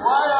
Why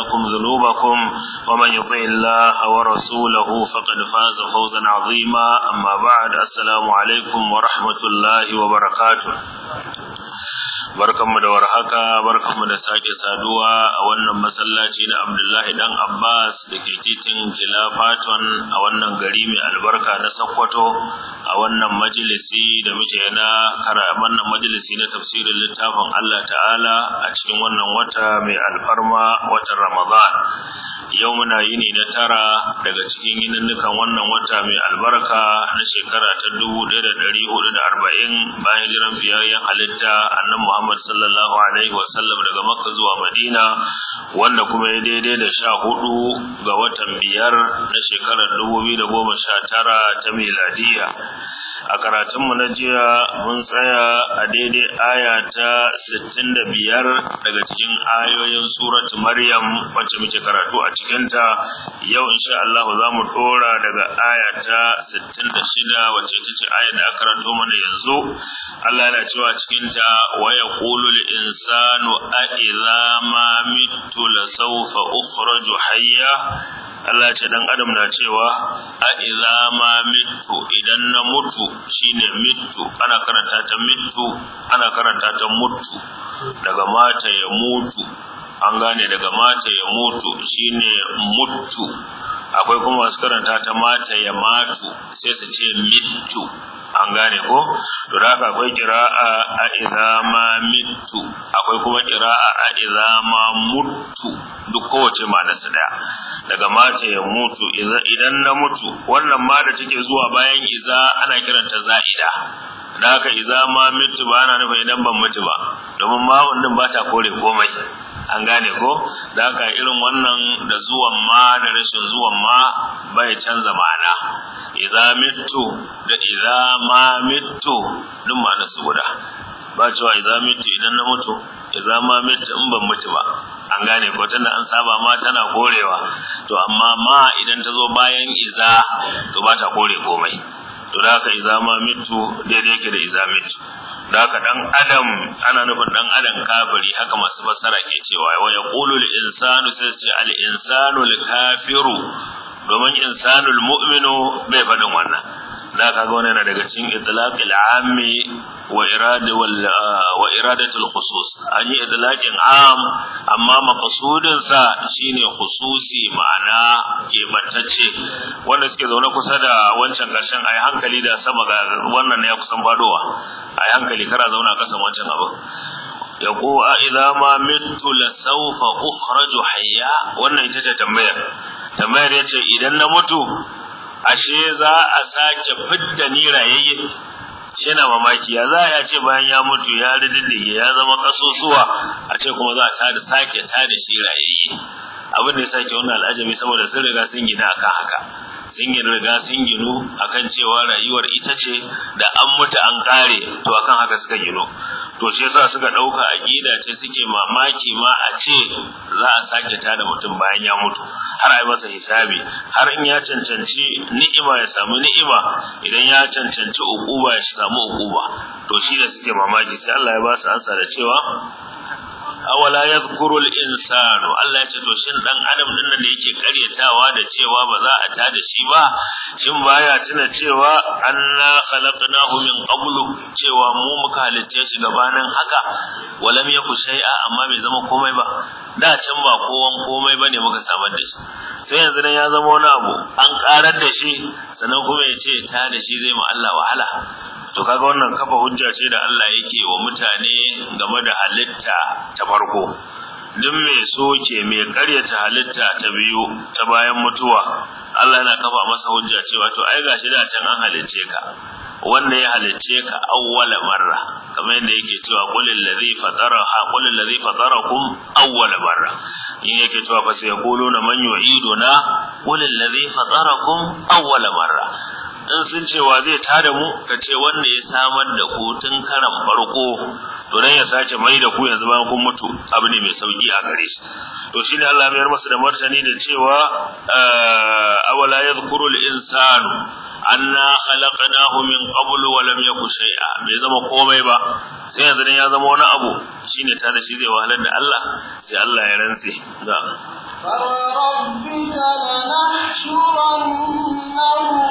لكم ذنوبكم ومن يطع الله ورسوله فقد فاز فوزا عظيما أما بعد السلام عليكم ورحمة الله وبركاته barkanmu da warhaka barkanmu da sake saduwa a wannan masallaci na Abdullahi dan Abbas da ke titin Jilafaton a wannan gari mai albarka na Sokoto a wannan majalisi da muke na wannan majalisi na tafsirin littafin Allah Ta'ala a cikin wannan wata mai alfarma watan Ramadan yau muna yini na tara daga cikin yininnukan wannan wata mai albarka na shekara ta 1440 bayan jiran fiyayyen halitta annabi Muhammad sallallahu alaihi sallam daga Makka zuwa Madina wanda kuma ya daidai da sha hudu ga watan biyar na shekarar dubu biyu sha tara ta miladiya. A mu na jiya mun tsaya a daidai aya ta 65 daga cikin ayoyin suratu Maryam wacce muke karatu a cikinta yau insha Allah za mu ɗora daga aya ta 66 wacce take ce aya da karanto mana yanzu Allah yana cewa cikinta waya يقول الإنسان أئذا ما ميت لسوف أخرج حيا Allah ce dan adam na cewa a iza ma mitu idan na mutu shine mitu ana karanta ta mitu ana karanta ta mutu daga mata ya mutu an gane daga mata ya mutu shine mutu akwai kuma masu karanta ta mata ya matu sai su ce mitu an gane ko to da haka akwai kira'a a ma akwai kuma kira'a a izama ma muttu duk kowace ma'anar su daya daga mata ya mutu idan na mutu wannan ma da take zuwa bayan iza ana kiranta za'ida da haka iza ma mitu ba ana nufin idan ban mutu ba domin ma wannan ba ta kore komai an gane ko da haka irin wannan da zuwan ma da rashin zuwan ma bai canza ma'ana idza mitu da idza ma mitu duk ma'ana su guda ba cewa idza mitu idan na mutu idza ma mitu in ban mutu ba an gane ko tunda an saba ma tana korewa to amma ma idan ta zo bayan idza to ba ta kore komai to da haka izama ma mitu daidai yake da izamitu mitu da haka dan adam ana nufin dan adam kafiri haka masu fassara ke cewa wa Kulu lil insanu sai ce al insanu al kafiru domin insanul mu'minu bai faɗin wannan da kaga wannan yana daga cikin itlaq al-ammi wa irada wal ah, wa iradatu al-khusus an yi itlaqin am amma maqsudin sa shine khususi ma'ana kebantacce wanda suke zaune kusa da wancan karshen ai hankali da sama ga wannan ne ya kusan fadowa ai hankali kara zauna kasan wancan abu Yako, a idza ma mittu la sawfa ukhraju hayya wannan ita ce tambayar tambayar yace idan na mutu ashe za a sake fidda ni rayayye shi na mamaki ya za a ce bayan ya mutu ya rididdige ya zama kasusuwa a ce kuma za a tada sake tada shi rayayye abin da ya sake wannan al'ajami saboda sun riga sun gina akan haka sun yi riga sun ginu akan cewa rayuwar ita ce da an mutu an kare to akan haka suka ginu to shi yasa suka dauka aqida ce suke mamaki ma a ce za a sake da mutum bayan ya mutu har ai masa hisabi har in ya cancanci ni'ima ya samu ni'ima idan ya cancanci uquba ya samu uquba to shi da suke mamaki sai Allah ya ba su ansa da cewa awala yadhkuru al-insanu Allah ya to shin dan adam din nan da yake karyatawa da cewa ba za a ta da shi ba shin baya tuna cewa anna khalaqnahu min qablu cewa mu muka halitta shi gabanin haka walam yaku shay'a amma bai zama komai ba da can ba kowan komai bane muka samar da shi sai yanzu nan ya zama wani abu an karar da shi sannan kuma ya ta da shi zai mu Allah wahala to kaga wannan kafa hujja ce da Allah yake wa mutane game da halitta ta farko duk mai soke mai karyata halitta ta biyu ta bayan mutuwa Allah yana kafa masa hujja cewa to ai gashi da can an halicce ka wanda ya halicce ka awwala marra kamar yadda yake cewa qul allazi ha qul allazi fatarakum awwala marra in yake cewa fa yaquluna man yu'iduna qul allazi fatarakum awwala marra in sun ce wa zai tada mu ka ce wanda ya samar da ku tun karan farko to dan ya sace mai da ku yanzu bayan kun mutu abu ne mai sauki a gare shi to shine Allah ya masa da martani da cewa ah, awala yadhkuru al-insanu anna khalaqnahu min qablu wa lam yaku shay'a bai zama komai ba sai yanzu dan ya zama wani abu shine tada shi zai wahalar da Allah sai Allah ya rantse ga فَرَبِّكَ لَنَحْشُرَنَّهُمْ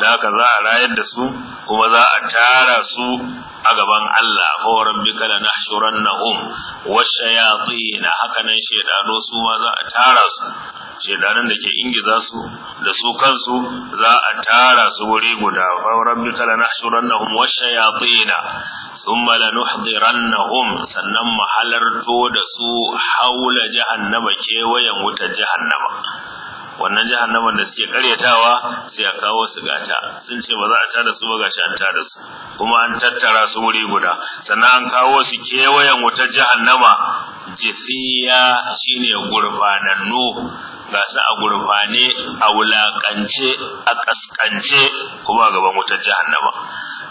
da haka za a rayar da su kuma za a tara su a gaban Allah fa rabbika lanahshurannahum washayatin nan shedano su ma za a tara su shedanan da ke ingiza su da su kansu za a tara su wuri guda fa rabbika lanahshurannahum washayatin thumma lanuhdirannahum sannan mahalarto da su haula jahannama kewayen wutar jahannama wannan jahannaman da suke karyatawa sai a kawo su gata sun ce ba za a tada su ba gashi an tada su kuma an tattara su wuri guda sannan an kawo su kewayen wutar jahannama jifiya shine gurbanannu ga su a gurfane a wulakance a kaskance kuma gaban wutar jahannama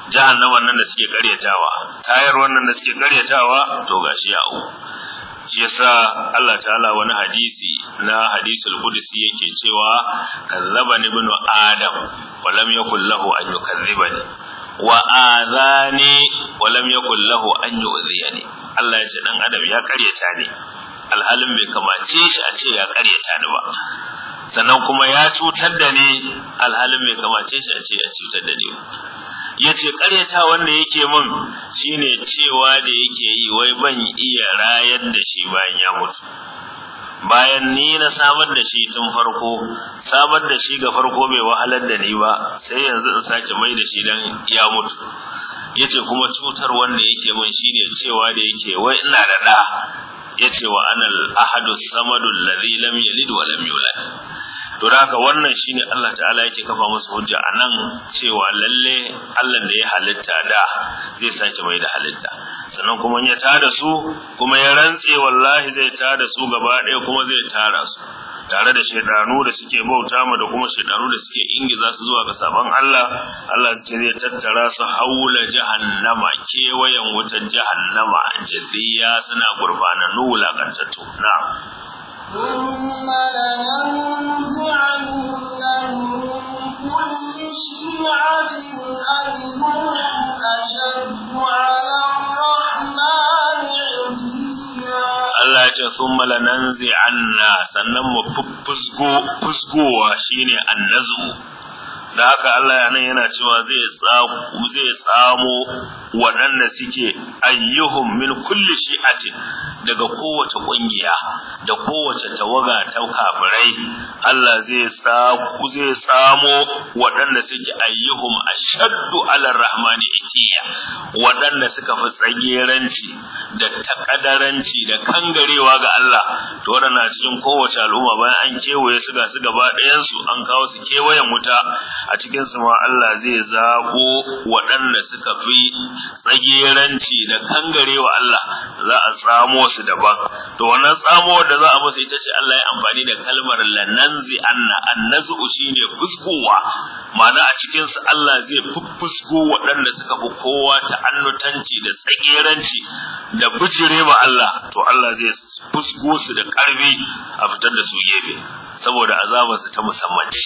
jahannama nan da suke karyatawa tayar wannan da suke karyatawa to gashi ya uku shi yasa Allah ta'ala wani hadisi na hadisul qudsi yake cewa kallabani ibn adam wa lam yakul lahu an yukadzibani wa azani wa lam yakul lahu an yu'ziyani Allah ya ce dan adam ya karyata ni alhalin bai kamace shi a ce ya karyata ni ba sannan kuma ya cutar da ni alhalin bai kamace shi a ce ya cutar da ni yace ƙaryata wanda yake mun shine cewa da yake yi wai ban iya rayar da shi bayan ya mutu bayan ni na samar da shi tun farko samar da shi ga farko bai wahalar da ni ba sai yanzu in sake mai da shi dan ya mutu yace kuma cutar wanda yake mun shine cewa da yake wai ina da da yace wa anal ahadus samadul ladhi lam yalid wa lam yulad to da haka wannan shine Allah ta'ala yake kafa musu hujja anan cewa lalle Allah da ya halitta da zai sake mai da halitta sannan kuma ya tada su kuma ya rantse wallahi zai tada su gaba ɗaya kuma zai tara su tare da shedanu da suke bauta ma da kuma shedanu da suke za su zuwa ga sabon Allah Allah ce zai tattara su haula jahannama kewayen wutar jahannama jaziya suna gurfana nu kantattu na'am ce sun malananzi anna sannan mu fusgowa shine annazu da haka Allah ya nan yana cewa zai samo waɗanda suke ayyuhun min kulli shi'atin daga kowace ƙungiya da kowace tawaga ta kafirai Allah zai saku zai samo waɗanda suke ayyuhum ashaddu ala rahmani itiya waɗanda suka fi tsageranci da takadaranci da kangarewa ga Allah to waɗanda cikin kowace al'umma bayan an kewaye su ga su gaba ɗayan su an kawo su kewayen wuta a cikin su ma Allah zai zabo waɗanda suka fi tsageranci da kangarewa Allah za a samo musu daban to wannan tsamo da za a musu ita ce Allah ya amfani da kalmar lananzi anna annazu shine fuskuwa ma'ana a cikin su Allah zai fuffusko waɗanda suka fi kowa ta annutanci da tsageranci da bujire ba Allah to Allah zai fusko su da karfi a fitar da su gefe saboda azabar su ta musamman ce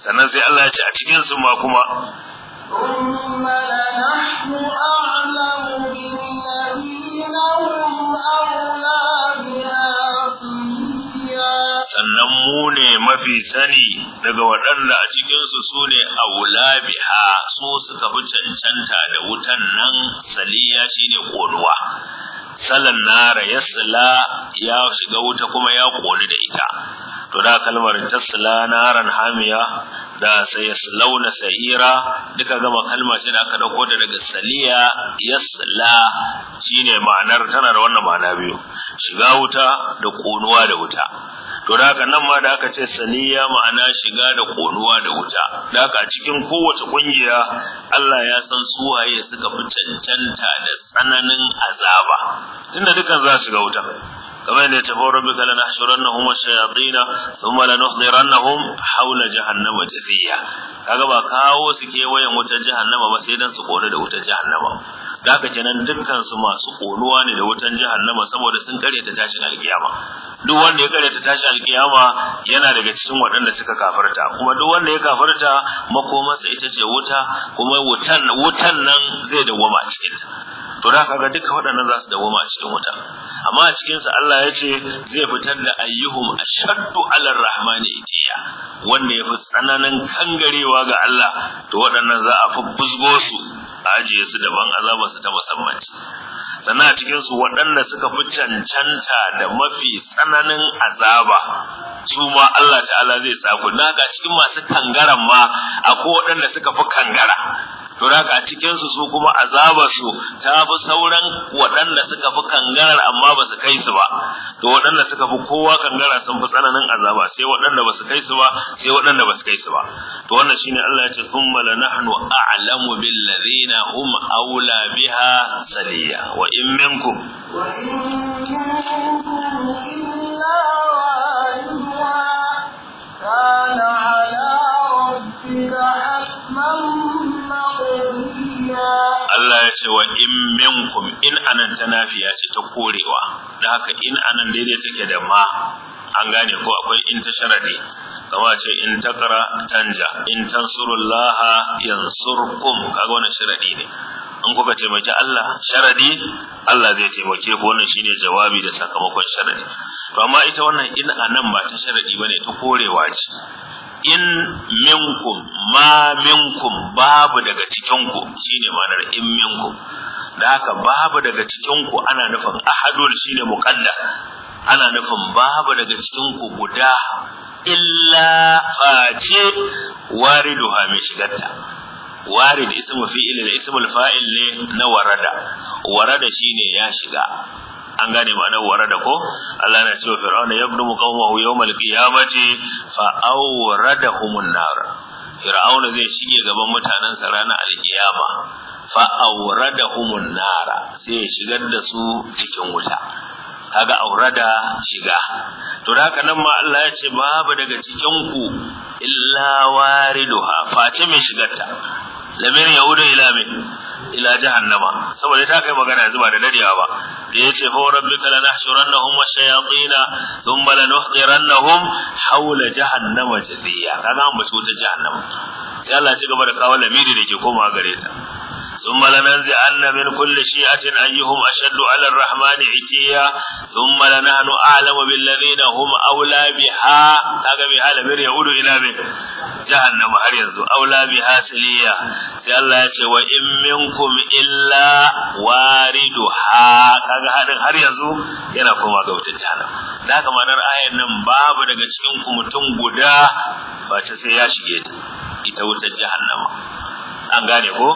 sannan sai Allah ya ce a cikin su ma kuma ثم لنحن أعلم sannan mu ne mafi sani daga waɗanda a cikinsu su ne a wulabiha su suka fi cancanta da wutan nan saliya shine ƙonuwa salan nara yasla ya shiga wuta kuma ya ƙoni da ita to da kalmar tasla naran hamiya da sai launa sa'ira duka gama kalma shi da aka dauko daga saliya yasla shine ma'anar tana da wannan ma'ana biyu shiga wuta da ƙonuwa da wuta to da haka nan ma da aka ce saniya ma'ana shiga da konuwa da wuta da haka cikin kowace kungiya Allah ya san su waye suka fi cancanta da tsananin azaba tunda dukan za su ga wuta kamar yadda ta horo bika lana shurannahum shayatin thumma lanuhdirannahum hawla jahannama jaziya kaga ba kawo su kewayen wutar jahannama ba sai dan su kore da wutar jahannama da haka kenan dukkan su masu konuwa ne da wutar jahannama saboda sun kare ta tashin alkiyama duk wanda ya ta tashi alkiyama yana daga cikin waɗanda suka kafarta kuma duk wanda ya kafarta makomarsa ita ce wuta kuma wutan wutan nan zai dawwama a cikin ta to da kaga duka waɗannan za su dawwama a cikin wuta amma a cikin Allah ya ce zai fitar da ayyuhum ashaddu ala rahmani itiya wanda ya fi tsananin kangarewa ga Allah to waɗannan za a fi buzgo su ajiye su daban azabar su ta musamman sannan a cikin su waɗanda suka fi cancanta da mafi tsananin azaba su ma Allah ta'ala zai saku. na ga cikin masu kangaran ma akwai waɗanda suka fi kangara to da a cikin su su kuma azabar su ta fi sauran waɗanda suka fi kangarar amma ba su kai su ba to waɗanda suka fi kowa kangara sun fi tsananin azaba sai waɗanda ba su kai su ba sai waɗanda ba su kai su ba to wannan shine Allah ya ce thumma lanahnu a'lamu bil ladina hum aula biha saliya wa in minkum wa in minkum illa kana Allah ya ce wa in minkum in anan ta nafiya ce ta korewa da haka in anan daidai take da ma an gane ko akwai in ta sharadi kama ce in taqra tanja in tansurullah yansurkum kaga wannan sharadi ne in kuka taimaki Allah sharadi Allah zai taimake ku wannan shine jawabi da sakamakon sharadi to amma ita wannan in anan ba ta sharadi bane ta korewa ce in minkum ma minkum babu daga cikinku shine ma'anar in minkum da haka babu daga cikinku ana nufin ahadul shine mukalla ana nufin babu daga cikinku guda illa face wariduha mai shigarta warid ismu fi'il da ismul fa'il ne na warada warada shine ya shiga an gane ma'anar da ko Allah na cewa fir'auna yabdumu qawmahu yawmal qiyamati fa an nar fir'auna zai shige gaban mutanen rana ranar alkiyama fa an nar sai ya shigar da su cikin wuta kaga aurada shiga to haka nan ma Allah ya ce babu daga cikin ku illa wariduha face mai shigarta lamir yahuda ila min ila jahannama saboda ta kai magana yanzu ba da dariya ba da yace fa rabbika lanahshurannahum washayatin thumma lanuhdirannahum hawla jahannama jathiya kaga mu ta jahannama sai Allah ya ci gaba da kawo lamiri da ke koma gare ta ثم لننزع أن من كل شيعة أيهم أشد على الرحمن عتيا ثم لنحن أعلم بالذين هم أولى بها هذا بها لمن يعود إلى من جهنم أرينزو أولى بها سليا سي الله يتي وإن منكم إلا واردها هذا هذا أرينزو ينقوم أقوة جهنم ذاك ما نرى آية نمباب daga cikin ku mutum guda face sai ya shige ta ita wutar jahannama an gane ko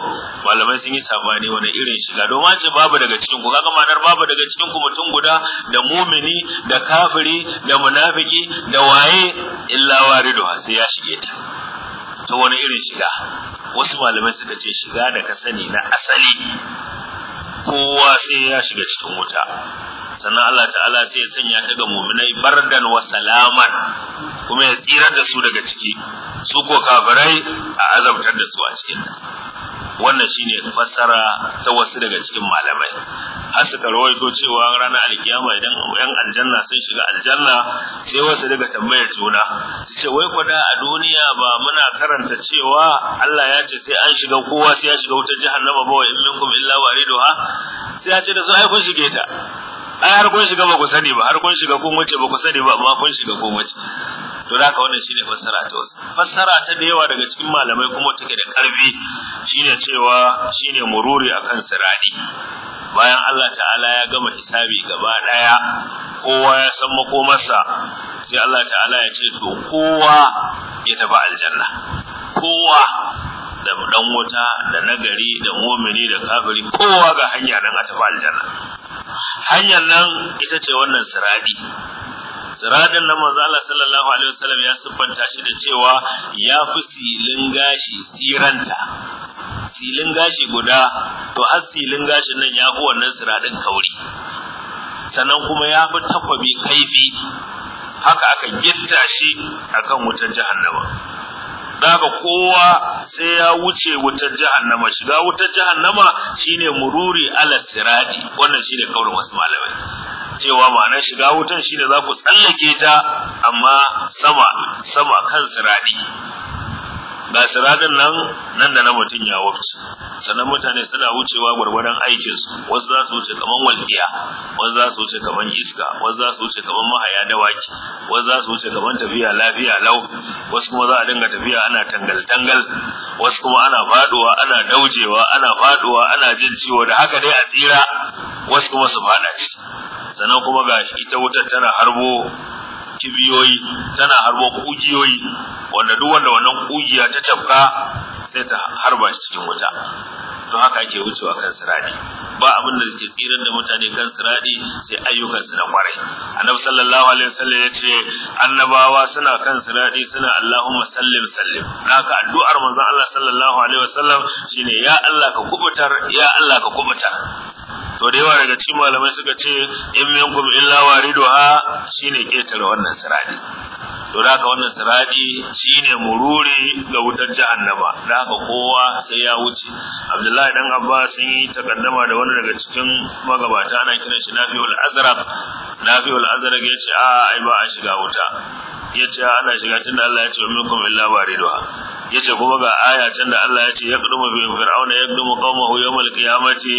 malamai sun yi sabani wani irin shiga don wace babu daga cikin ku kaga ma'anar babu daga cikin ku mutum guda da mumini da kafiri da munafiki da waye illa waridu sai ya shige ta To wani irin shiga wasu malamai suka ce shiga da ka sani na asali kowa sai ya shiga cikin wuta sannan Allah ta'ala sai ya sanya ta ga mu'minai bardan wa salaman kuma ya tsira da su daga ciki su ko kafirai a azabtar da su a cikin wannan shine fassara ta wasu daga cikin malamai har suka rawaito cewa ranar alkiyama idan yan aljanna sun shiga aljanna sai wasu daga tambayar juna su ce wai kwada a duniya ba muna karanta cewa Allah ya ce sai an shiga kowa sai ya shiga wutar jahannama ba wa in minkum illa wariduha sai ya ce da su ai kun shige ta ai har kun shiga ba ku sani ba har kun shiga kun wuce ba ku sani ba amma kun shiga kun wuce to da haka wannan shine fassara ta wasu fassara ta da yawa daga cikin malamai kuma take da karfi shine cewa shine mururi akan sirani bayan Allah ta'ala ya gama hisabi gaba daya kowa ya san makomarsa sai Allah ta'ala ya ce to kowa ya tafi aljanna kowa da dan wuta da nagari da mu'mini da kafiri kowa ga hanya nan a tafi aljanna hanyar nan ita ce wannan siradi siradin nan manzo Allah sallallahu alaihi wasallam ya siffanta shi da cewa ya fi silin gashi siranta silin gashi guda to har silin gashin nan ya fi wannan siradin kauri sannan kuma ya fi takwabi kaifi haka aka gitta shi akan wutar jahannama daga kowa sai ya wuce wutar jahannama shiga wutar jahannama shine mururi ala sirati wannan shine kaurin wasu malamai cewa ma'ana shiga wutan shine za ku tsallake ta amma sama sama kan sirati ga siradin nan nan da na mutum ya wuce sannan mutane suna wucewa gwargwadon aikin su wasu za su wuce kaman walkiya wasu za su wuce kaman iska wasu za su wuce kaman mahaya dawaki wasu za su wuce kaman tafiya lafiya lau wasu kuma za a dinga tafiya ana tangal tangal wasu kuma ana faduwa ana daujewa ana faduwa ana jin ciwo da haka dai a tsira wasu kuma su fada ciki sannan kuma ga ita wutar tana harbo kibiyoyi tana harba kujiyoyi wanda duk wanda wannan kujiya ta tafka sai ta harba shi cikin wuta to haka ake wucewa kan siradi ba abin da ke tsirar da mutane kan siradi sai ayyukan su na kwarai annabi sallallahu alaihi wasallam ya ce annabawa suna kan siradi suna Allahumma sallim sallim haka addu'ar manzon Allah sallallahu alaihi wasallam shine ya Allah ka kubutar ya Allah ka kubutar to da yawa daga cikin malamai suka ce in minkum illa wariduha shine ketare wannan siradi to haka wannan siradi shine mururi ga wutar jahannama da haka kowa sai ya wuce abdullahi Abdullah dan Abbas sun yi takaddama da wani daga cikin magabata ana kiran shi Nafi'ul Azraq Nafi'ul Azraq ce a ai ba a shiga wuta ya ce ana shiga tun da Allah ya yace minkum illa ya ce kuma ga aya can da Allah ya yace yaqdumu bi fir'auna yaqdumu qaumahu yawmal qiyamati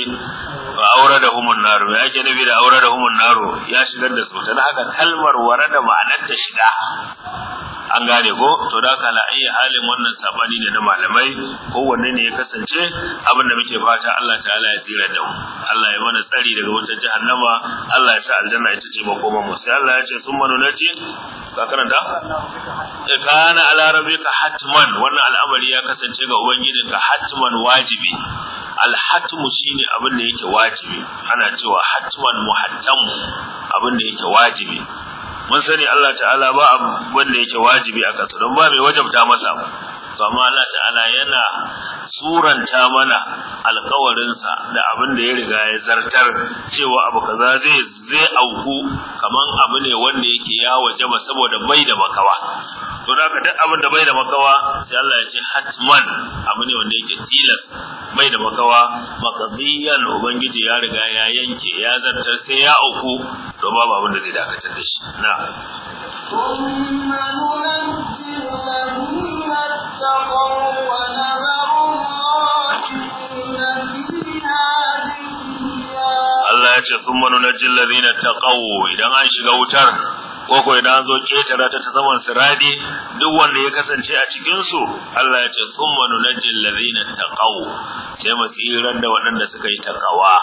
fa awradahum an-nar ce nabi da awradahum an-nar ya shigar da su dan haka kalmar warada ma'anar ta shiga an gane ko to da kala ayi halin wannan sabani ne na malamai kowanne ne ya kasance abin abinda muke fata Allah ta'ala ya tsira da mu Allah ya mana tsari daga wutar jahannama Allah ya sa aljanna ita ce koma mu sai Allah ya ce sun manu nace ka karanta kana ala rabbika hatman wannan al'amari ya kasance ga ubangijinka hatman wajibi alhatmu shine abin da yake wajibi ana cewa hatman muhattam abin da yake wajibi mun sani Allah ta'ala ba abin da yake wajibi a kansa don ba mai wajabta masa ba to amma Allah ta'ala yana suranta mana alkawarinsa da abin da ya riga ya zartar cewa abu kaza zai zai auku kaman abu ne wanda yake ya waje ma saboda bai da makawa to da duk abin da bai da makawa sai Allah ya ce hatman abu ne wanda yake tilas bai da makawa maqdiyan ubangiji ya riga ya yanke ya zartar sai ya auku to babu abin da zai dakatar da shi na ثم ننجي الذين اتقوا Allah ya ce sun manu na ta na idan an shiga wutar ko ko idan zo ketara ta ta zaman siradi duk wanda ya kasance a cikin su Allah ya ce summa nunajjil ladina taqaw sai mu tsirar da waɗanda suka yi takawa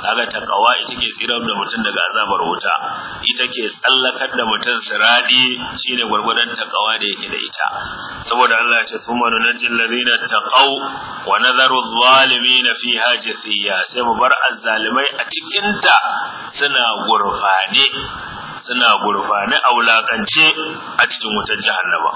kaga takawa ita ke tsirar da mutum daga azabar wuta ita ke tsallakar da mutum siradi shine gurgurdan takawa da yake da ita saboda Allah ya ce summa nunajjil ladina taqaw wa nadharu adh-dhalimin fiha jithiya sai mu bar azzalimai a cikin ta suna gurfane suna gurfani a wulakance a cikin wutar jahannama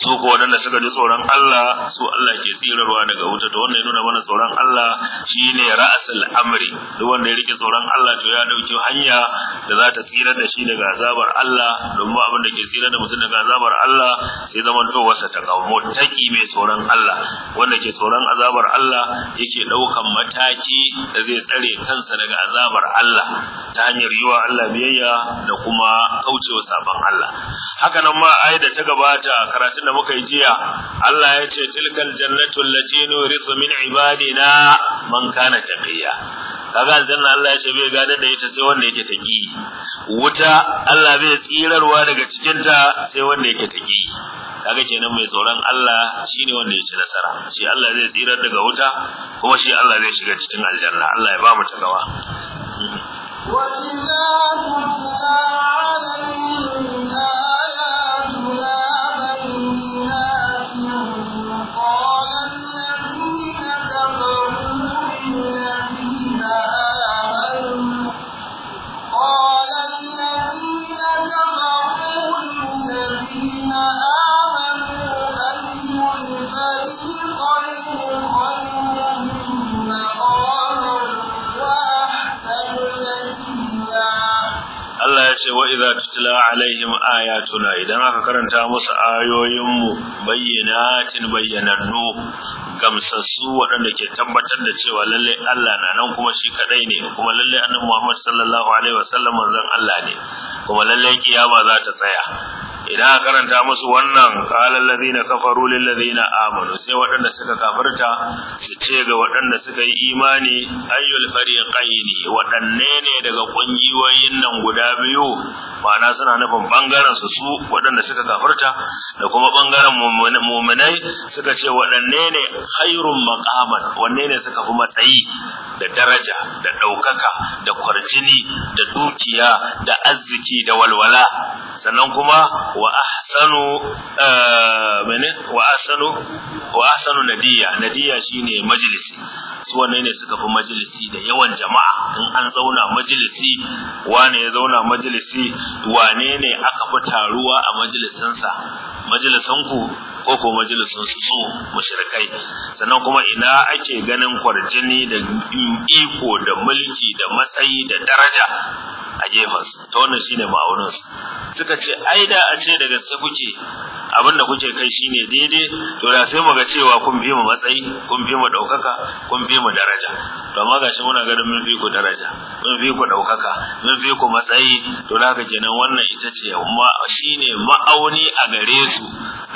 su ko wadanda suka ji tsoron Allah su Allah ke tsirarwa daga wuta to wanda ya nuna mana tsoron Allah shine ra'asul amri duk wanda ya rike tsoron Allah to ya dauki hanya da za ta tsira da shi daga azabar Allah domin ba abin da ke tsira da mutum daga azabar Allah sai zaman to wasa ta kawo taki mai tsoron Allah wanda ke tsoron azabar Allah yake daukan mataki da zai tsare kansa daga azabar Allah ta hanyar yiwa Allah biyayya da kuma kaucewa sabon Allah haka nan ma ayi da ta gabata a karatun da muka yi jiya Allah ya ce tilkal jannatu allati nurithu min ibadina man kana taqiya kaga aljanna Allah ya ce bai gadar da ita sai wanda yake taki wuta Allah bai tsirarwa daga cikin ta sai wanda yake taki kaga kenan mai tsoron Allah shine wanda ya nasara shi Allah zai tsirar daga wuta kuma shi Allah zai shiga cikin aljanna Allah ya ba mu tagawa وإذا ce wa idza tutla alaihim ayatuna idan aka karanta musu ayoyin mu bayyinatin bayyanannu gamsassu waɗanda ke tabbatar da cewa lalle Allah na nan kuma shi kadai ne kuma lalle annabi Muhammad sallallahu alaihi wasallam manzon Allah ne kuma lalle kiyama za ta tsaya idan karanta musu wannan qalal ladina kafaru lil ladina amanu sai waɗanda suka kafirta su ce ga waɗanda suka yi imani ayyul fariqaini waɗanne ne daga kungiyoyin nan guda biyu na suna nufin bangaren su su waɗanda suka kafirta da kuma bangaren mu'minai suka ce waɗanne ne khairun maqaman wanne ne suka fi matsayi da daraja da ɗaukaka da kwarjini da dukiya da arziki da walwala sannan kuma wa ahsanu eh, mene wa ahsanu wa ahsanu nadiya nadiya shine majalisi su wanne ne suka fi majalisi da yawan jama'a in an zauna majalisi wane ya zauna majalisi wane ne aka fi taruwa a majalisinsa majalisanku ko ko majalisun su su mushrikai sannan kuma ina ake ganin kwarjini da iko da mulki da matsayi da daraja a gefensa ta wannan shine su suka ce ai da a ce daga gaske kuke abin da kuke kai shine daidai to da sai mu ga cewa kun bi mu matsayi kun bi mu ɗaukaka kun bi mu daraja to amma gashi muna ganin mun fi ku daraja mun fi ku ɗaukaka mun fi ku matsayi to da haka kenan wannan ita ce amma shine ma'auni a gare su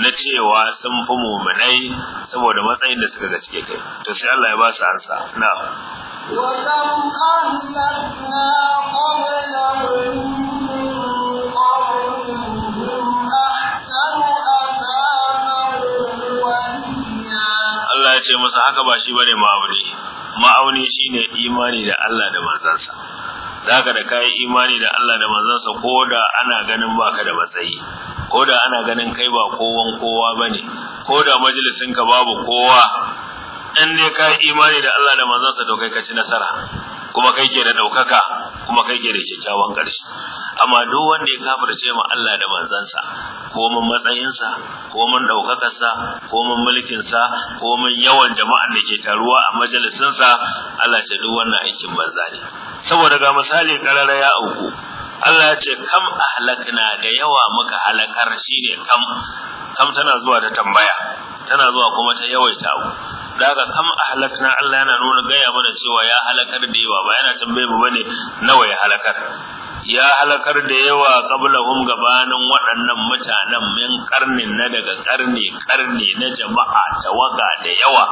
na cewa sun fi muminai saboda matsayin da suka ga gaske kai to sai Allah ya ba su ansa na'am ya Allah ce masa haka ba shi bane ma'auni ma'auni shine imani da Allah da manzansa zaka da kai imani da Allah da manzansa da ana ganin baka da matsayi ko da ana ganin kai ba kowan kowa bane ko da majalisinka babu kowa in ne ka imani da Allah da manzansa to kai ka ci nasara kuma kai ke da daukaka kuma kai ke da kyakkyawan ƙarshe amma duk wanda ya kafirce ma Allah da manzansa ko mun matsayinsa ko mun ɗaukakarsa, ko mun mulkinsa ko mun yawan jama'an da ke taruwa a majalisinsa Allah ce duk wannan aikin banza ne saboda ga misali karara ya auku Allah ya ce kam ahlakna da yawa muka halakar shine kam kam tana zuwa ta tambaya tana zuwa kuma ta yawaita abu daga kam ahlakna Allah yana nuna gaya mana cewa ya halakar da yawa ba yana tambaye mu bane nawa ya halakar ya halakar da yawa qablahum gabanin waɗannan mutanen min karnin na daga karni karni na jama'a tawaga da yawa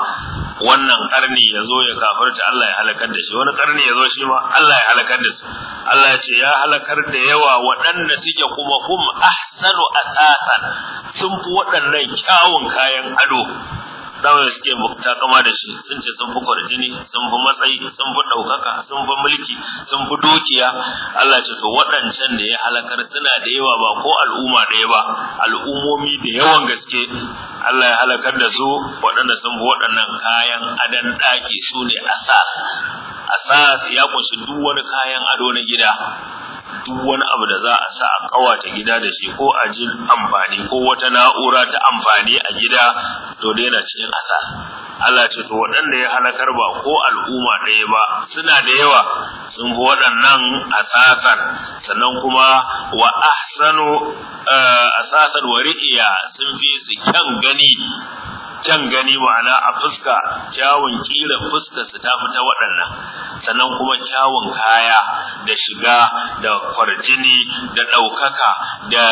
wannan karni yazo ya kafirta Allah ya halakar da shi wani karni yazo shi ma Allah ya halakar da su Allah ya ce ya halakar da yawa waɗanda suke kuma hum ahsanu asasan sun fi waɗannan kyawun kayan ado dawo suke ta kama da shi sun ce sun fi kwarjini sun fi matsayi sun fi ɗaukaka sun fi mulki sun fi dukiya Allah ce to waɗancan da ya halakar suna da yawa ba ko al'umma ɗaya ba al'ummomi da yawan gaske Allah ya halakar da su waɗanda sun fi waɗannan kayan adan ɗaki su ne asas asas ya kunshi duk wani kayan ado na gida duk wani abu da za a sa a kawata gida da shi ko a ji amfani ko wata na'ura ta amfani a gida to dai na cikin asara Allah ce to waɗanda ya halakar ba ko al'umma ɗaya ba suna da yawa sun fi waɗannan asasar. sannan kuma wa ahsanu eh, asasar wa ri'iya sun fi su kyan gani kyan gani ma'ana a fuska kyawun kila fuska su tafi ta waɗannan sannan kuma kyawun kaya da shiga da kwarjini da ɗaukaka da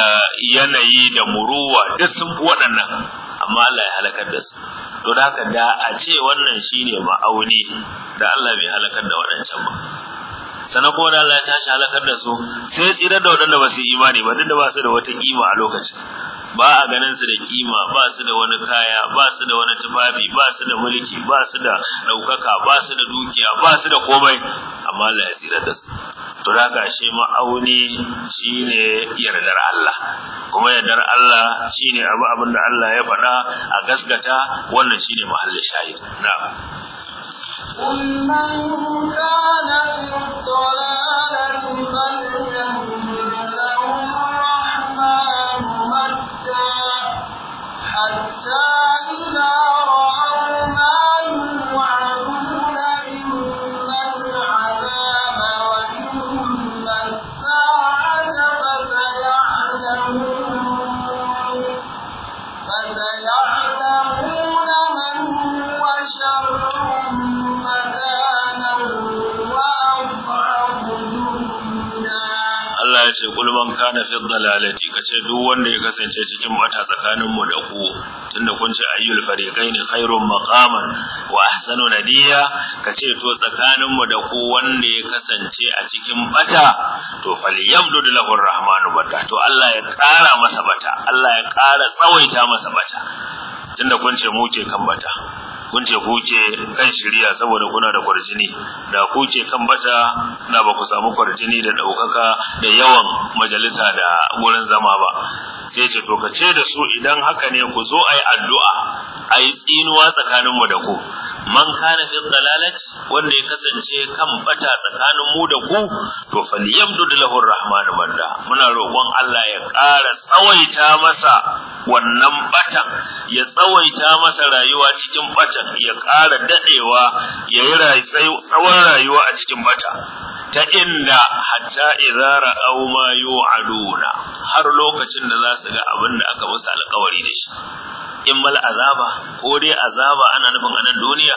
yanayi da muruwa duk sun fi waɗannan amma Allah ya halakar da su to da haka da a ce wannan shine ma'auni da Allah bai halakar da waɗancan ba sannan kuma da Allah ya tashi halakar da su sai tsira da waɗanda ba su imani ba duk ba su da wata kima a lokacin ba a ganin su da kima ba su da wani kaya ba su da wani tufafi ba su da mulki ba su da ɗaukaka, ba su da dukiya ba su da komai amma Allah ya tsira da su to da ka shi ma'auni shine yardar Allah kuma yardar Allah shine abu abin da Allah ya faɗa a gaskata wannan shine mahallin shahid na'am قل من كان في الضلالة فليؤمن man kana fi dhalalati kace duk wanda ya kasance cikin bata tsakanin mu da ku tunda kun ce ayyul fariqain khairun maqaman wa ahsanu nadiya kace to tsakanin mu da ku wanda ya kasance a cikin bata to falyamdud lahu arrahmanu bata to Allah ya ƙara masa bata Allah ya ƙara tsawaita masa bata tunda kun ce mu ke kan bata kun ce kuke kan shirya saboda kuna da kwarjini da kuke kan bata da ba ku samu kwarjini da ɗaukaka da yawan majalisa da wurin zama ba sai ce to ka ce da su idan haka ne ku zo a yi addu'a a yi tsinuwa tsakaninmu da ku man kana fi dalalat wanda ya kasance kan bata tsakanin mu da ku to falyamdud lahu arrahman manda muna roƙon Allah ya ƙara tsawaita masa wannan batan ya tsawaita masa rayuwa cikin batan ya ƙara dadewa ya yi tsawon rayuwa a cikin bata ta inda hatta idza ra'aw ma yu'aduna har lokacin da za su ga abin da aka musu alƙawari da shi in mal azaba ko dai azaba ana nufin anan duniya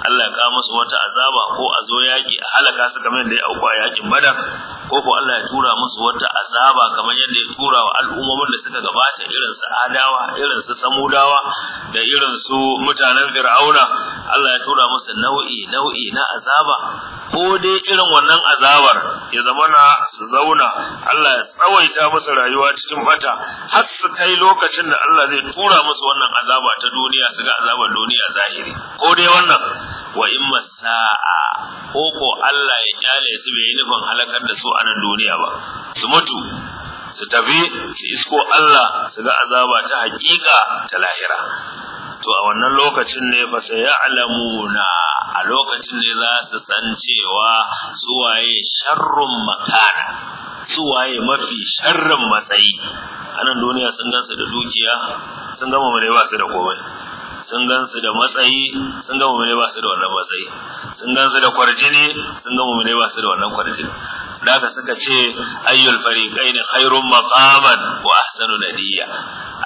Allah ya kawo musu wata azaba ko a zo yaƙi. a halaka su kamar yadda ya auku a yakin Badar ko ko Allah ya tura musu wata azaba kamar yadda ya tura wa al'ummomin da suka gabata irin su Adawa irin su Samudawa da irin su mutanen Fir'auna Allah ya tura musu nau'i nau'i na azaba ko dai irin wannan azabar ya zamana su zauna Allah ya tsawaita musu rayuwa cikin bata har su kai lokacin da Allah zai tura musu wannan azaba ta duniya su ga azabar duniya zahiri ko dai wannan wa in masa'a ko ko Allah ya kyale su bai nufin halakar da su a nan duniya ba su mutu su tafi su isko Allah su ga azaba ta haƙiƙa ta lahira to a wannan lokacin ne fa na a lokacin ne za su san cewa su waye sharrun makana waye mafi sharrun matsayi a nan duniya sun gansa da dukiya sun gama mune ba su da komai sun gansu da matsayi sun ga mu'mine ba su da wannan matsayi sun gansu da kwarjini sun ga mu'mine ba su da wannan kwarjini da haka suka ce ayyul fariqain khairum maqaman wa ahsanu nadiya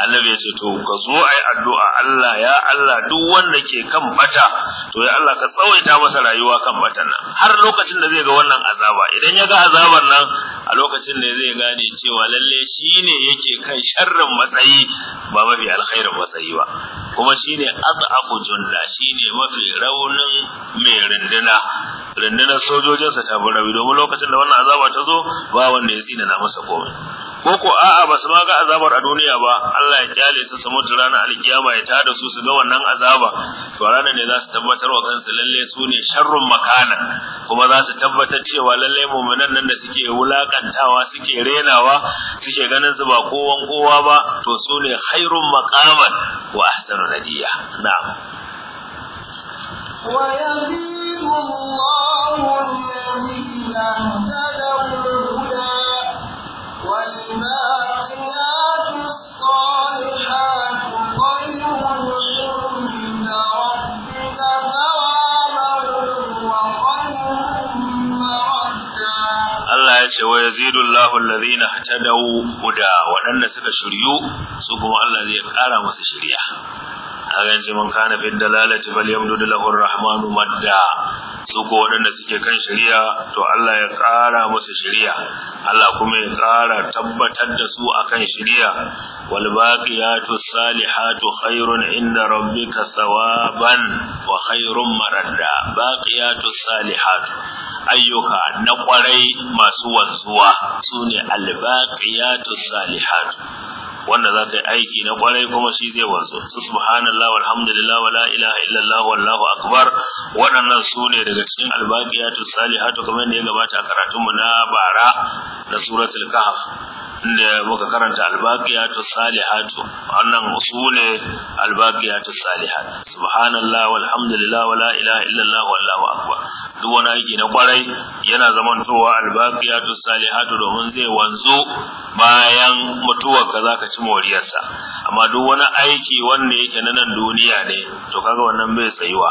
annabi ya ce to ka zo ayi addu'a Allah ya Allah duk wanda ke kan bata to ya Allah ka tsawaita masa rayuwa kan batan nan har lokacin da zai ga wannan azaba idan ya ga azaban nan a lokacin ne zai gane cewa lalle shine yake kan sharrin matsayi ba mafi alkhairin matsayi ba kuma shine az'afu junda shine mafi raunin mai rinduna rindinar sojojinsa ta bi rauni domin lokacin da wannan azaba ta zo ba wanda ya tsina na masa komai ko ko a'a ba su ma ga azabar a duniya ba Allah ya kyale su su mutu ranar alkiyama ya tada su su ga wannan azaba to ranar ne za su tabbatar wa kansu lalle su ne sharrun makana kuma za su tabbatar cewa lalle mu'minan nan da suke wulakantawa suke renawa suke ganin su ba kowan kowa ba to su ne khairun maqaman wa ahsanu najiya na'am ويزيد الله الذين اهتدوا ce wa yazidu Allahu alladhina ihtadaw huda waɗanda suka shiryu su kuma Allah zai ƙara musu shiriya a ganin mun kana fi dalalati fal yamdudu lahu arrahmanu madda su ko waɗanda suke kan shari'a to Allah ya ƙara masa shari'a Allah kuma ya ƙara tabbatar da su akan shari'a wal baqiyatu salihatu khairun inda rabbika thawaban wa khairun maradda baqiyatu salihatu ayyuka na kwarai masu wanzuwa sune al baqiyatu salihatu wanda za ka yi aiki na kwarai kuma shi zai wanzu su subhanallah walhamdulillah wala ilaha illallah wallahu akbar waɗannan su ne daga cikin albaqiyatu salihatu kamar da ya gabata a karatunmu na bara da suratul kahf inda muka karanta albaqiyatu salihatu wannan usule albaqiyatu salihat subhanallah walhamdulillah wala ilaha illallah wallahu akbar duk wani aiki na kwarai yana zaman zamantowa albaqiyatu salihatu domin zai wanzu bayan mutuwar ka zaka ci moriyarsa amma duk wani aiki wanda yake na nan duniya ne to kaga wannan bai tsayuwa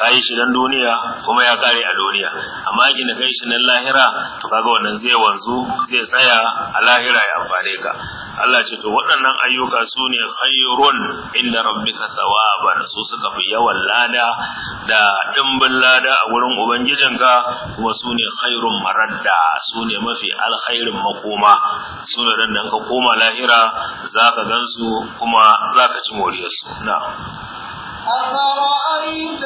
kai shi nan duniya kuma ya kare a duniya amma yake da kai shi nan lahira to kaga wannan zai wanzu zai tsaya a lahira ya amfane ka Allah ce to waɗannan ayyuka su ne khairun inda rabbika thawaban su suka fi yawan lada da dimbin lada a wurin ubangijinka kuma su ne khairun maradda su ne mafi alkhairin makoma su ne ran ka koma lahira zaka gansu kuma zaka ci moriyarsu na أفرأيت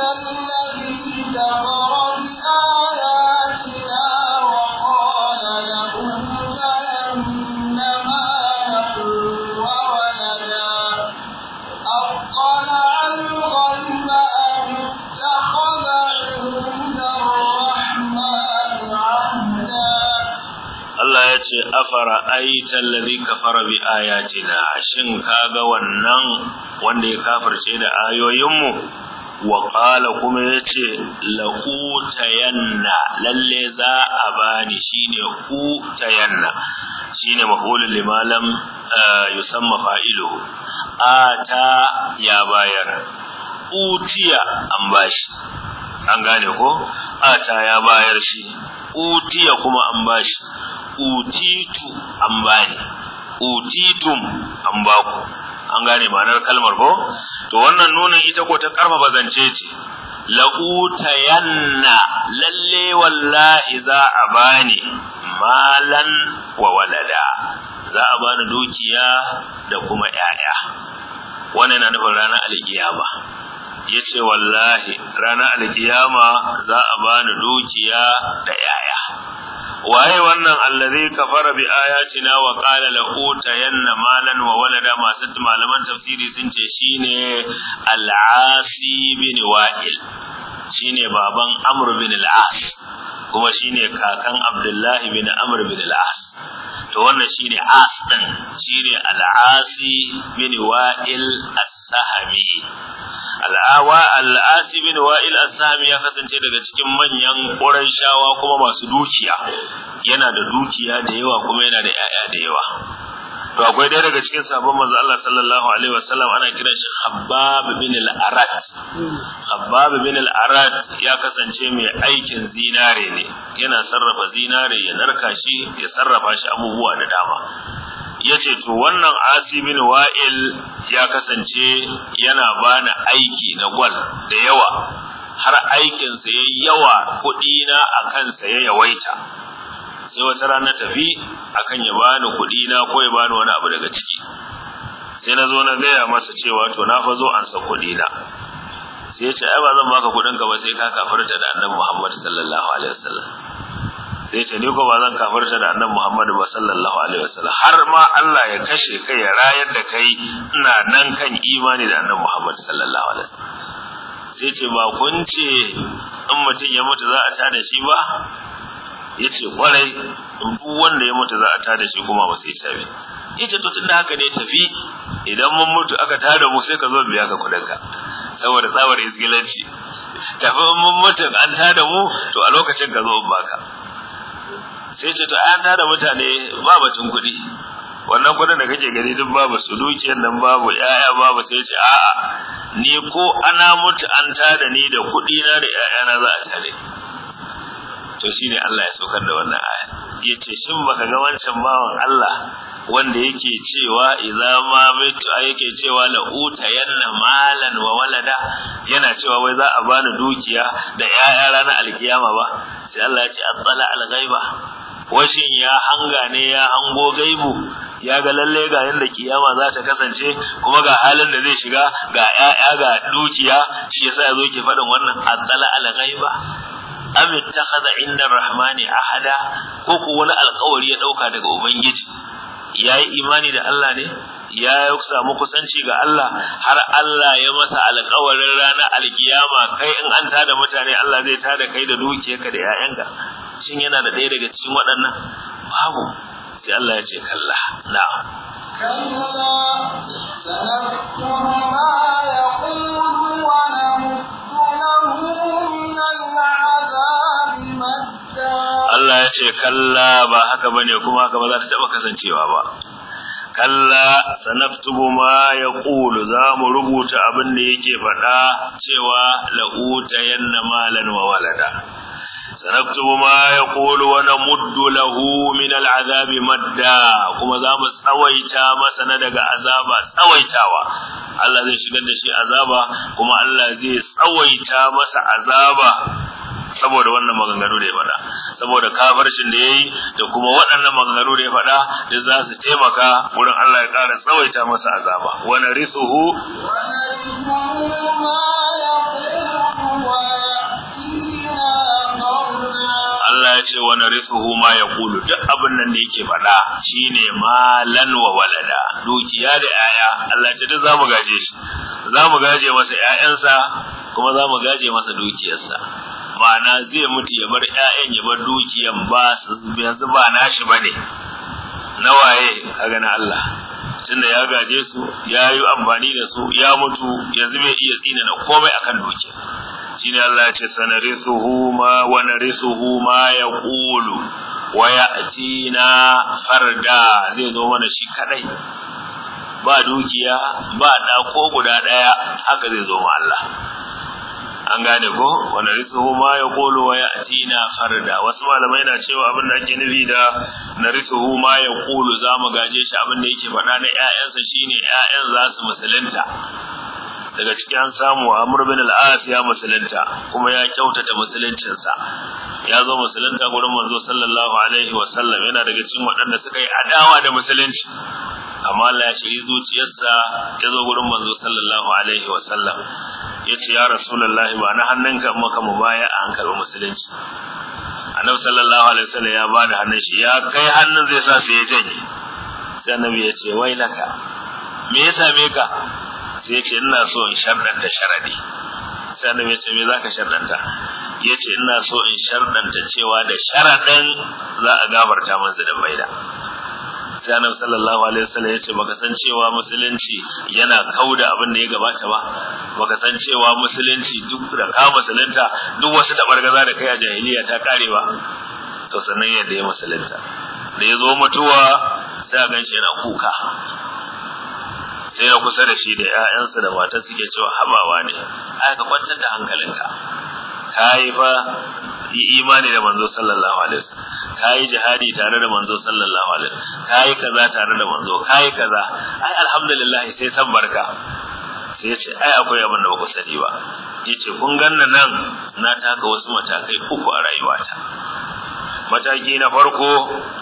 ce afara aita alladhi kafara bi ayatina shin kaga wannan wanda ya kafirce da ayoyinmu wa qala kuma yace laqutayanna lalle za a bani shine utayanna shine maf'ulun lima lam eh, yusamma A ata ya bayar utiya an bashi an gane ko ata ya bayar shi utiya kuma an bashi utitu an bani utitum an baku an gane ma'anar kalmar ko to wannan nunin ita ko ta karma bazance ce la'utayanna lalle wallahi za a bani malan wa walada za a bani dukiya da kuma 'ya'ya. wannan na nufin ranar alkiyama yace wallahi ranar alkiyama za a bani dukiya da 'ya'ya. waye wannan allazi kafara bi ayatina wa qala lahu yanna malan wa walada masu malaman tafsiri sun ce shine al-asi bin wa'il shine baban Amr bin al-As kuma shine kakan Abdullah bin Amr bin al-As to wannan shine As din shine al-Asi bin Wa'il as-Sahmi al'awa al'asi bin wa'il as sahami ya kasance daga cikin manyan shawa kuma masu dukiya yana da dukiya da yawa kuma yana da 'ya'ya da yawa to akwai ɗaya daga cikin sabon manzo Allah sallallahu alaihi wasallam ana kira shi Khabbab bin al-Arat Khabbab bin al-Arat ya kasance mai aikin zinare ne yana sarrafa zinare ya narka shi ya sarrafa shi abubuwa da dama yace to wannan Asibin Wa'il ya kasance yana bani aiki na gwal da yawa har aikinsa yayi yawa kuɗina na akan sa ya yawaita sai wata rana tafi akan ya bani kuɗi na ko ya bani wani abu daga ciki sai na zo na gaya masa cewa to na fa zo an sa kuɗi na sai ya ce ai ba zan baka ka ba sai ka kafirta da annabi Muhammad sallallahu alaihi wasallam sai ce ni ko ba zan kafirta da annabi Muhammad ba sallallahu alaihi wasallam har ma Allah ya kashe kai ya rayar da kai ina nan kan imani da annabi Muhammad sallallahu alaihi wasallam sai ce ba kun ce in mutum ya mutu za a tada shi ba ya ce kwarai duk wanda ya mutu za a tada shi kuma masu hisabi ita to tunda haka ne tafi idan mun mutu aka tada mu sai ka zo biya ka kuɗinka, saboda tsawar isgilanci tafi mun mutu an tada mu to a lokacin ka zo in baka sai ce to an tada mutane ba batun kuɗi wannan kuɗin da kake gani duk babu su dukiyar nan babu yaya babu sai ce a'a ni ko ana mutu an tada ni da kuɗina na da yayana za a tare to shine Allah ya saukar da wannan aya yace shin baka ga wancan bawan Allah wanda yake cewa idza ma baitu yake cewa la yanna malan wa walada yana cewa wai za a bani dukiya da yaya ranar alkiyama ba sai Allah ya ce abala alghaiba washin ya hanga ne ya hango gaibu ya ga lalle ga yanda kiyama za ta kasance kuma ga halin da zai shiga ga 'ya'ya ga dukiya shi yasa yazo ke faɗin wannan atsala alghaiba am ittakhadha inda rahmani ahada ko ko wani alƙawari ya dauka daga ubangiji yayi imani da Allah ne ya samu kusanci ga Allah har Allah ya masa alƙawarin ranar alkiyama kai in an tada mutane Allah zai tada kai da dukiyarka da 'ya'yanka shin yana da ɗaya daga cikin waɗannan babu sai Allah ya ce kalla na'am kalla ce kalla ba haka bane kuma haka ba za ta taba kasancewa ba kalla sanaktubu ma yaqulu za mu rubuta abin da yake faɗa cewa la'uta yanna malan wa walada سنكتب ما يقول ونمد له من madda kuma كما زام سويتا na daga azaba tsawaitawa Allah zai shigar da shi azaba kuma Allah zai tsawaita masa azaba saboda wannan maganganu da ya faɗa saboda kafircin da yayi da kuma waɗannan maganganu da ya faɗa da za su taimaka wurin Allah ya ƙara tsawaita masa azaba wa narisuhu wa narisuhu Allah ya ce wani rithuhu ma ya kulu duk abin nan da yake faɗa ne malan wa walada dukiya da yaya Allah ce duk mu gaje shi Za mu gaje masa yayansa kuma za mu gaje masa dukiyarsa ma'ana zai mutu ya bar yayan ya bar dukiyan ba su yanzu ba nashi Na waye a na Allah tunda ya gaje su ya yi amfani da su ya mutu yanzu bai iya tsina na komai akan dukiyar shine Allah ya ce sanarisuhu ma wa narisuhu ma yaqulu wa ya'tina farda zai zo mana shi kadai ba dukiya ba da ko guda daya haka zai zo ma Allah an gane ko wani risuhu ma ya kolo wa ya na farda wasu malamai na cewa abin da ake nufi da na risuhu ma ya Kulu, za mu gaje shi abin da yake faɗa na 'ya'yansa shine 'ya'yan za su musulunta daga ciki an samu Amr bin al-As ya musulunta kuma ya kyautata musuluncinsa ya zo musulunta gurin manzo sallallahu alaihi wa sallam yana daga cikin waɗanda suka yi adawa da musulunci amma Allah ya shiri zuciyarsa ya zo gurin manzo sallallahu alaihi wa sallam ce ya rasulullahi ba na hannunka maka mubaya an karɓi musulunci annabi sallallahu alaihi wasallam ya da hannun shi ya kai hannun zai sa sai ya janye sai annabi ya ce wai laka me ya same ka sai ce ina so in sharranta sharadi sai annabi ya ce me zaka sharranta ya ina so in sharɗanta cewa da sharadin za a gafarta man zunubai da sai annabi sallallahu alaihi wasallam ya ce baka san cewa musulunci yana kauda abin da ya gabata ba baka san cewa musulunci duk da ka musulunta duk wasu gaza da kai a jahiliya ta kare ba to sannan yadda ya musulunta da ya zo mutuwa sai a ganshi yana kuka sai na kusa da shi da ƴaƴansa da matar suke cewa habawa ne ai ka kwantar da hankalinka kai fa yi imani da manzo sallallahu alaihi wasallam kai jihadi tare da manzo sallallahu alaihi wasallam kai kaza tare da manzo kai kaza ai alhamdulillah sai san barka sai ya ce ai akwai abin da baku sani ba yace kun ganna nan na taka wasu matakai uku a rayuwata mataki na farko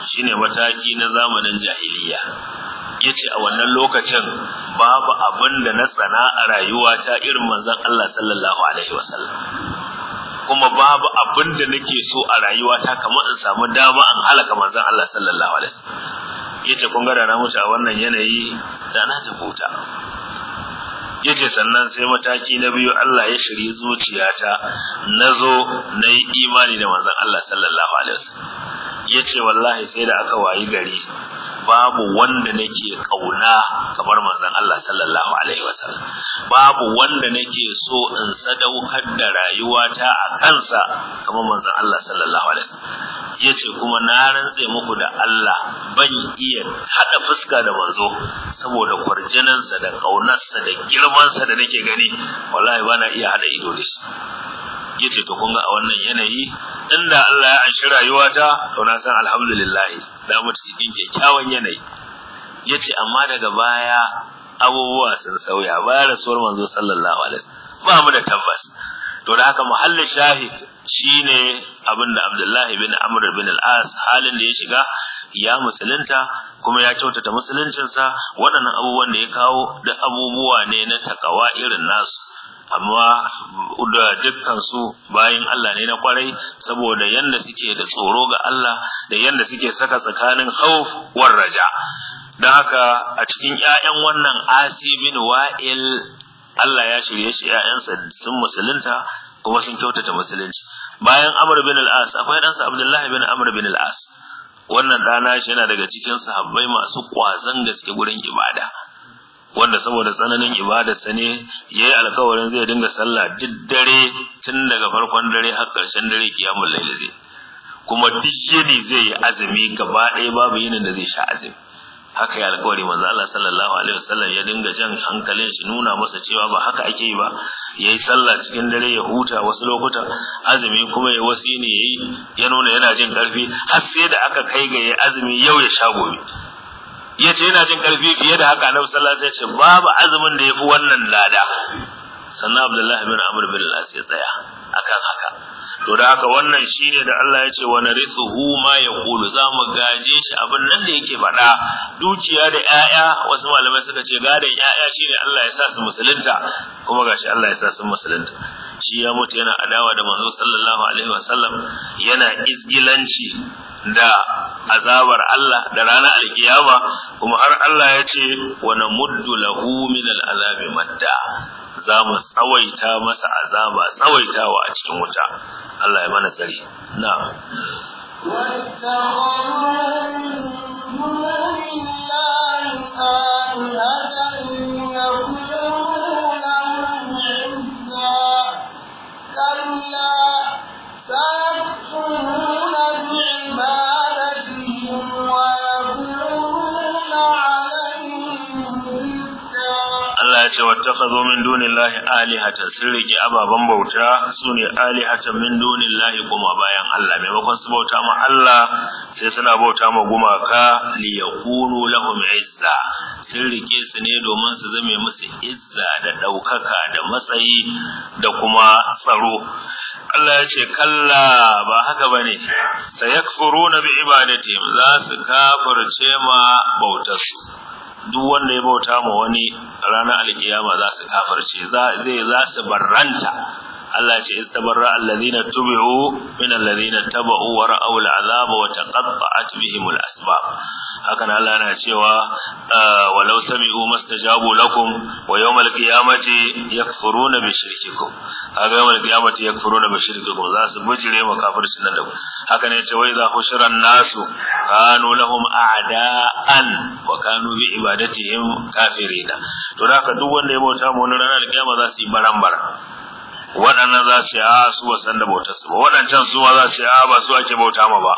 shine mataki na zamanin jahiliya ce a wannan lokacin babu abin da na tsana a rayuwa ta irin manzon Allah sallallahu alaihi wasallam kuma babu abin da nake so a rayuwa ta kamar in samu dama an halaka manzon Allah sallallahu alaihi wasallam yace kun ga da na mutu a wannan yanayi da na Ya yace sannan sai mataki na biyu Allah ya shiri zuciyata nazo nayi imani da manzon Allah sallallahu alaihi wasallam yace wallahi sai da aka wayi gari babu wanda nake kauna kamar manzon Allah sallallahu alaihi wasallam babu wanda nake so in sadaukar da rayuwata a kansa kamar manzon Allah sallallahu alaihi wasallam yace kuma na rantse muku da Allah ban iya hada fuska da manzo saboda sa da ƙaunarsa, da girmansa da nake gani wallahi bana iya hada ido da shi yace to kun ga a wannan yanayi inda Allah ya anshi rayuwata to na san alhamdulillah da mutu cikin kyakkyawan yanayi yace amma daga baya abubuwa sun sauya bayan rasuwar manzo sallallahu alaihi ba mu da tabbas to da haka muhallin shahid shine abinda Abdullah bin Amr bin al-As halin da ya shiga ya musulunta kuma ya kyautata musuluncinsa waɗannan abubuwan da ya kawo da abubuwa ne na takawa irin nasu amma da dukkan su bayan Allah ne na kwarai saboda yanda suke da tsoro ga Allah da yanda suke saka tsakanin khauf war raja don haka a cikin ƴaƴan wannan Asi bin Wa'il Allah ya shirye shi ƴaƴansa sun musulunta kuma sun kyautata musulunci bayan Amr bin al-As akwai sa Abdullahi bin Amr bin al-As wannan rana shi yana daga cikin sahabbai masu kwazan gaske gurin ibada wanda saboda tsananin ibadarsa ne yayi alkawarin zai dinga sallah duk dare tun daga farkon dare har ƙarshen dare kiyamul laili zai kuma duk shiri zai yi azumi gaba ɗaya babu yinin da zai sha azumi haka ya alkawari manzo Allah sallallahu alaihi wasallam ya dinga jan hankalin shi nuna masa cewa ba haka ake yi ba yayi sallah cikin dare ya huta wasu lokuta azumi kuma ya wasi ne yayi ya nuna yana jin karfi har sai da aka kai ga yayi azumi yau ya sha gobe yace yana jin karfi fiye da haka Annabi sallallahu alaihi wasallam ce babu azumin da yafi wannan lada sannan Abdullah bin Amr bin Al-As ya tsaya akan haka to da haka wannan shine da Allah ya ce wa narithuhu ma yaqulu za mu gaje shi abin nan da yake faɗa dukiya da 'ya'ya wasu malamai suka ce gadan 'ya'ya shine Allah ya sa su musulunta kuma gashi Allah ya sa su musulunta shi ya mutu yana adawa da manzo sallallahu alaihi wasallam yana izgilanci da azabar Allah da ranar alkiyama kuma har Allah ya ce wa namuddu lahu min al'azabi madda za mu tsawaita masa azaba tsawaitawa a cikin wuta Allah ya mana tsari na وَاتَّخَذُوا مِن Allah ya ce wattakhadhu min dunillahi alihatan sun rike ababan bauta sune alihatan min dunillahi kuma bayan Allah maimakon su bauta ma Allah sai suna bauta ma gumaka li yakunu lahum izza sun rike su ne domin su zame musu izza da daukaka da matsayi da kuma tsaro Allah ya ce kalla ba haka bane sayakfuruna bi ibadatihim za su kafirce ma bautarsu duk wanda ya bauta ma wani ranar alkiyama za su kafirce zai za su barranta Allah ce istabarra alladhina tubi'u min alladhina taba'u wa ra'aw al'azaba wa taqatta'at bihim al'asbab hakan Allah yana cewa ah, walau sami'u mastajabu lakum wa yawm al-qiyamati yakfuruna bi shirkikum haka yawm al-qiyamati yakfuruna bi shirkikum za su bujire mu kafircin nan da ku haka ne ce wa idza hushira an-nasu kanu lahum a'da an wa kanu bi ibadatihim kafirina to da duk wanda ya bauta mu wani ranar kiyama za su yi barambara waɗannan za su a ah, su ba san da bautar su ba waɗancan su za su a ah, ba su ake bauta ma ba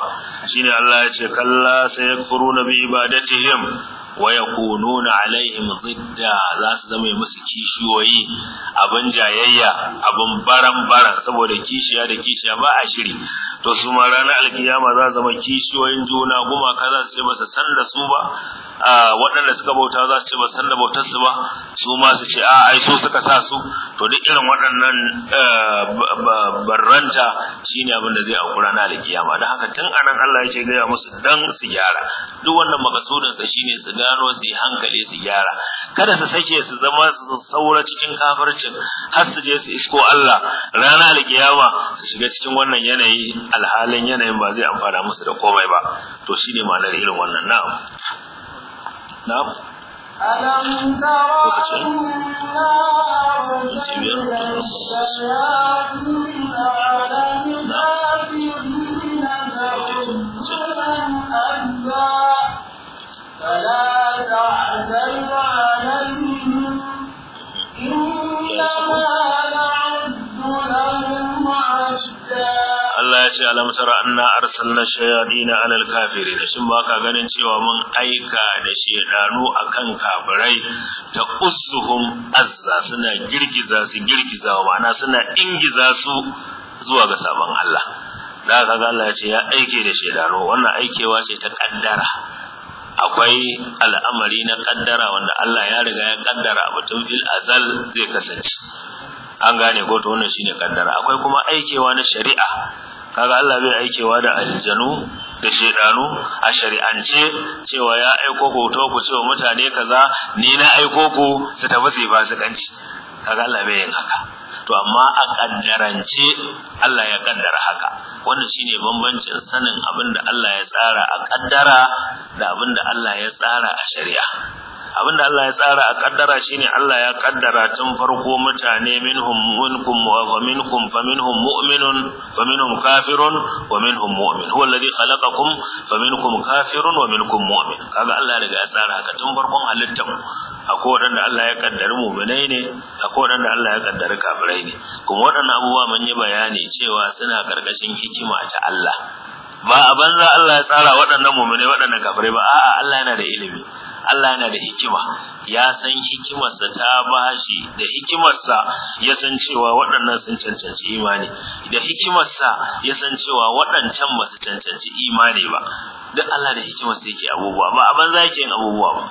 shine Allah ya ce kalla sayakfuruna bi ibadatihim Waya yakununa alaihim zidda za su zama musu kishiyoyi abin jayayya abin baran baran saboda kishiya da kishiya ba a shiri to su ma ranar alkiyama za zama kishiyoyin juna guma ka za su ce ba su san da su ba waɗanda suka bauta za su ce ba san da bautar su ba su ma su ce a ai su suka sa su to duk irin waɗannan e, barranta shine abin da zai auku ranar alkiyama Da haka tun anan Allah ya ce gaya musu dan su gyara duk wannan makasudin sa shine su ga gano su yi hankali su gyara kada su sake su zama su saura cikin kafircin har su je su isko Allah rana alkiyama su shiga cikin wannan yanayi alhalin yanayin ba zai amfana musu da komai ba to shine ma'anar irin wannan na'am na'am ألم تر ce alam na anna arsalna shayatin ala alkafirin shin ba ka ganin cewa mun aika da a kan kabirai ta ƙusuhun azza suna girgiza su girgiza wa ma'ana suna ingiza su zuwa ga sabon Allah da kaga Allah ya ce ya aike da shaidanu, wannan aikewa ce ta ƙaddara. akwai al'amari na ƙaddara wanda Allah ya riga ya ƙaddara mutum tun fil azal zai kasance an gane ko to wannan shine ƙaddara. akwai kuma aikewa na shari'a kaga Allah bai aikewa da aljanu da shedanu a shari'ance cewa ya aiko ku to ku cewa mutane kaza ni na aiko ku su tafi su yi fasikanci kaga Allah bai yin haka to amma a kaddarance Allah ya kaddara haka wannan shine bambancin sanin abin da Allah ya tsara a kaddara da abin da Allah ya tsara a shari'a abinda Allah ya tsara a kaddara shine Allah ya kaddara tun farko mutane minhum minkum wa minkum faminhum mu'minun faminhum kafirun wa minhum mu'min huwa alladhi khalaqakum faminkum kafirun wa minkum mu'min kaga Allah ya riga ya tsara haka tun farkon halittar akwai waɗanda Allah ya kaddari mu'minai ne akwai waɗanda Allah ya kaddari kafirai ne kuma waɗannan abubuwa mun yi bayani cewa suna karkashin hikima ta Allah ba a banza Allah ya tsara waɗannan mu'minai waɗannan kafirai ba a'a Allah yana da ilimi Allah yana da hikima ya san hikimarsa ta bashi da hikimarsa ya san cewa waɗannan sun cancanci imani da hikimarsa ya san cewa waɗancan ba su cancanci imani ba duk Allah da hikimarsa yake abubuwa ba a banza yake abubuwa ba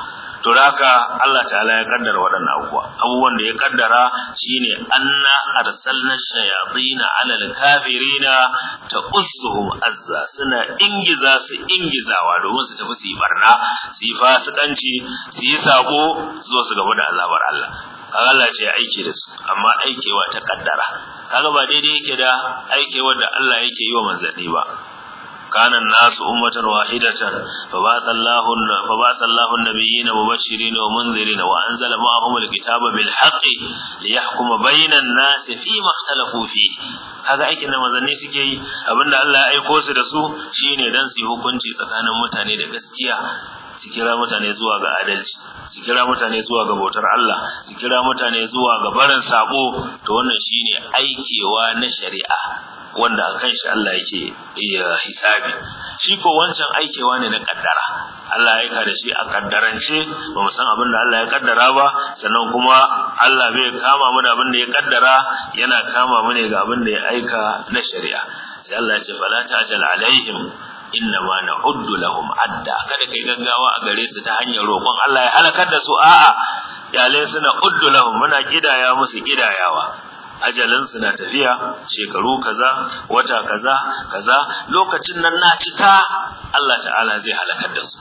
to haka Allah ta'ala ya kaddara waɗannan abubuwa abubuwan da ya kaddara shine anna arsalna shayatin ala alkafirina taqussuhum azza suna ingiza su ingizawa domin su tafi su yi barna su yi fasikanci su yi sako su zo su gaba da azabar Allah kaga Allah ce aiki da su amma aikewa ta kaddara kaga ba daidai yake da aikewa da Allah yake yi wa manzanni ba كان الناس أمة واحدة فبعث الله فبعث الله النبيين مبشرين ومنذرين وأنزل معهم الكتاب بالحق ليحكم بين الناس فيما اختلفوا فيه هذا aikin da manzanni suke yi abinda Allah ya aiko su da su shine dan su yi hukunci mutane su kira mutane zuwa ga adalci su kira mutane zuwa ga bautar Allah su kira mutane zuwa ga barin sako to wannan shine aikewa na shari'a wanda kan shi Allah yake iya hisabi shi ko wancan aikewa ne na kaddara Allah ya aika da shi a kaddarance ba mu san abin da Allah ya kaddara ba sannan kuma Allah bai kama mu da abin da ya kaddara yana kama mu ne ga abin da ya aika na shari'a sai Allah ya ce fala ta'jal alaihim inna ma na'uddu lahum adda kada kai gaggawa a gare su ta hanyar roƙon Allah ya halakar da su a'a iyalai suna uddu lahum muna kidaya musu kidayawa ajalinsu na tafiya shekaru kaza wata kaza kaza lokacin nan na cika Allah ta'ala zai halakar da su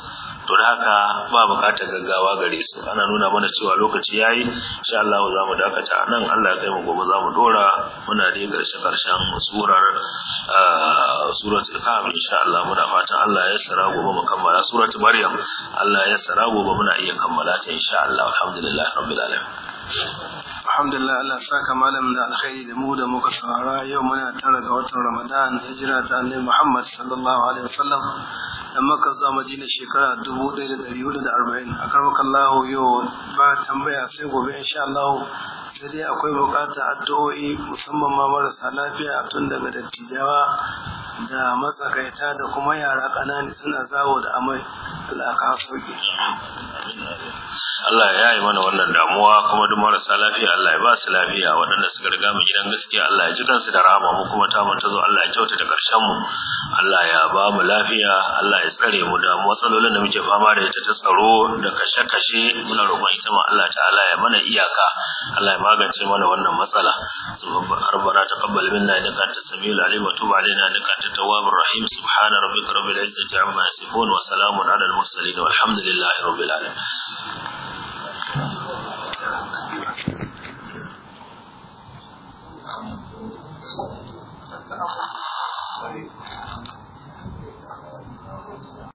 to da haka ba bukatar gaggawa gare su ana nuna mana cewa lokaci yayi insha Allah za mu dakata nan Allah ya kai mu gobe za mu dora muna da karshe karshen surar suratul kahf insha Allah muna fatan Allah ya sara gobe mu kammala suratul maryam Allah ya sara gobe muna iya kammala ta insha Allah alhamdulillah rabbil alamin alhamdulillah Allah saka malam da alkhairi da mu da muka saurara yau muna tara ga watan Ramadan hijira ta Annabi Muhammad sallallahu alaihi wasallam da maka zuwa Madina shekara 1440 a karbakallahu yau ba tambaya sai gobe insha Allah sai dai akwai bukata addu'o'i musamman ma marasa lafiya tun daga dattijawa da matsakaita da kuma yara ƙanani suna zawo da amai alaka sauki Allah ya yi mana wannan damuwa kuma duk marasa lafiya Allah ya ba su lafiya waɗanda suka riga mu gidan gaskiya Allah ya ji kansu da rahama mu kuma ta mun tazo Allah ya kyauta da karshen mu Allah ya ba mu lafiya Allah ya tsare mu da matsalolin da muke fama da ita ta tsaro da kashe-kashe muna roƙon ita ma Allah ta'ala ya mana iyaka Allah ya magance mana wannan matsala ربنا تقبل منا انك انت السميع العليم وتب علينا انك انت التواب الرحيم سبحان ربك رب العزه عما يصفون وسلام على المرسلين والحمد لله رب العالمين